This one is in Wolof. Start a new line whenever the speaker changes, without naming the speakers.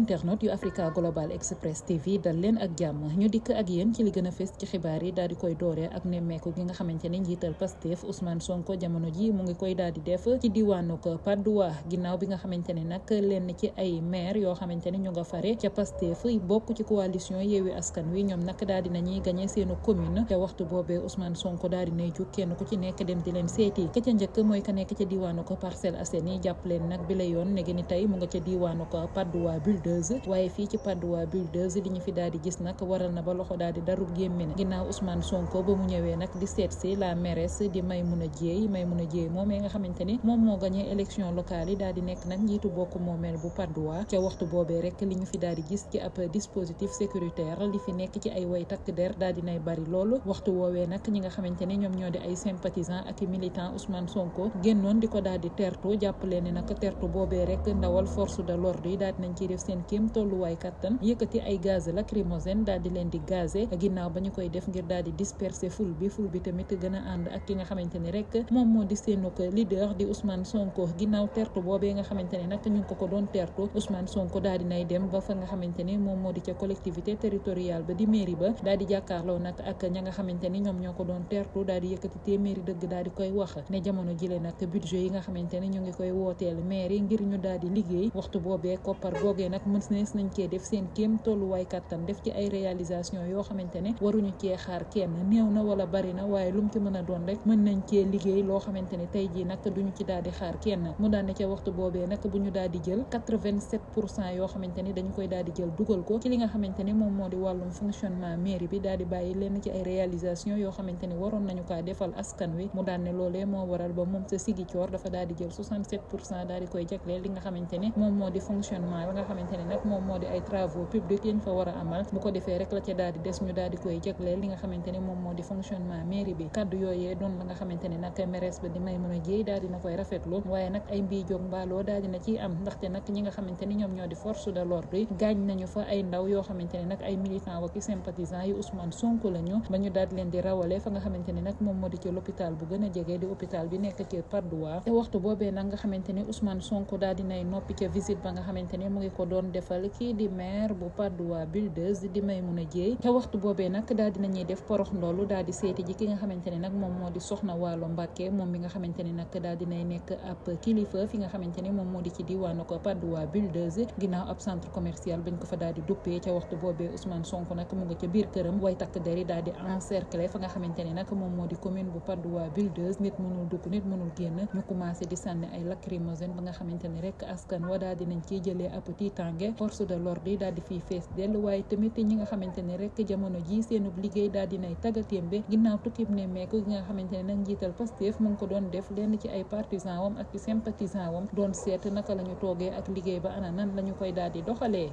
Internet yu Africa Global Express TV dal leen ak jamm ñu dik ak yeen ci li gëna fess ci xibaar yi di koy dooree ak nemmeeku gi nga xamante njital Pastef Ousmane Sonko jamono ji mu ngi koy dal di def ci diwanu ko Padoua ginnaaw bi nga xamante nak nag ci ay maire yo xamante ñu nga faré ci Pastef bokk ci coalition yewi Askan Wi ñom nak dal di nañi gagner seenu commune te waxtu bobé Ousmane Sonko dal di nay kenn ku ci nekk dem di leen séti ke ca ñëk moy ka nekk ci diwanu ko parcel Assainies japp leen nak bi la yoon ne gën tay mu nga ci diwanu ko Padoua Bulde Buldozer waaye fii ci Patte d'Oie Buldozer li ñu fi daal gis nag waral na ba loxo daal di darub gémmine ginnaaw Ousmane Sonko ba mu ñëwee nag di seet si la mairesse di Maimouna Dièye Maimouna Dièye moomee nga xamante ni moom moo gagné élection locale yi daal di nekk nag njiitu bokk moomeel bu Patte d'Oie waxtu boobee rek li ñu fi daal di gis ci ab dispositif sécuritaire li fi nekk ci ay way takk der daal nay bari loolu waxtu woowee nag ñi nga xamante ni ñoom ñoo di ay sympathisants ak militants Ousmane Sonko génnoon di ko daal di tertu jàppale seen kéem tolluwaay kattan yëkkati ay gaz lacrymogène daal di leen di gazé ginnaaw ba ñu koy def ngir daal di disperser ful bi ful bi tamit gën a ànd ak ki nga xamante ni rek moom moo di seenuk leader di Ousmane Sonko ginnaaw tertu boobee nga xamante ñu ngi ko ko doon tertu Ousmane Sonko daal di nay dem ba fa nga xamante ni moom moo di ca collectivité territoriale ba di mairie ba daal jàkkaarloo nag ak ña nga xamante ni ñoom ñoo ko doon tertu daal di yëkkati téeméeri dëgg daal koy wax ne jamono jile nag budget yi nga xamante ñu ngi koy wooteel mairie ngir ñu daal nag mën nees nañ cee def seen kéem tolluwaay kàttan def ci ay réalisation yoo xamante ne waruñu cee xaar kenn néew na wala bari na waaye lu mu ci mën a doon rek mën nañ cee liggéey loo xamante ne tey jii nag duñu ci daal di xaar kenn mu daan ne ca waxtu boobee nag bu ñu daal di jël quatre-vingt-sept pour cent yoo xamante ne dañu koy daal di jël dugal ko ci li nga xamante ne moom moo di wàllum fonctionnement mairie bi daal di bàyyi lenn ci ay réalisation yoo xamante ne waroon nañu kaa defal askan wi mu daan ne loolee moo waral ba moom sa sigi coor dafa daal di jël soixante-sept pour cent daal di koy jagleel li nga xamante ne moom moo di fonctionnement la nga xamante xamante ne nag moom moo di ay travaux publics yi a amal di des bi kaddu yooyee doon la nga xamante nag nga xamante ni ñoom bu gën a jege di hôpital bi nekk ci Patte te waxtu boobee nag nga xamante ne Ousmane Sonko daal dinay noppi ca visite ba nga xamante ne doon defal ki di maire bu Patte d'Oie Builders di Maymouna Dièye ca waxtu boobee nag daal dinañuy def porox ndolu daal di seeti ji ki nga xamanteni nak mom modi soxna walu mbacké mom mi nga xamanteni nak nag daal dinay nekk ap kilifa fi nga xamanteni mom modi ci diwaanu ko Patte d'Oie ginaaw ap centre commercial bañ ko fa daal di duppé ca waxtu bobé Ousmane Sonko nak mu nga ci biir kërëm way tak der yi daal di encercler fa nga xamanteni nak mom modi commune bu Patte d'Oie Builders nit mënul dugg nit mënul génn ñu commencé di sanni ay lacrymogène ba nga xamanteni rek askan wa daal dinañ ci jëlé ap titan kaaraange force de l'ordre yi daal di fiy fees dell waaye tamit ñi nga xamante ne rek jamono ji seenub liggéey daal dinay tagatémbe ginnaaw tukkib ne meeku gi nga xamante ne nag njiital Pastef mu ngi ko doon def lenn ci ay partisan wam ak ci wam doon seet naka la ñu toogee ak liggéey ba ana nan la ñu koy daal di doxalee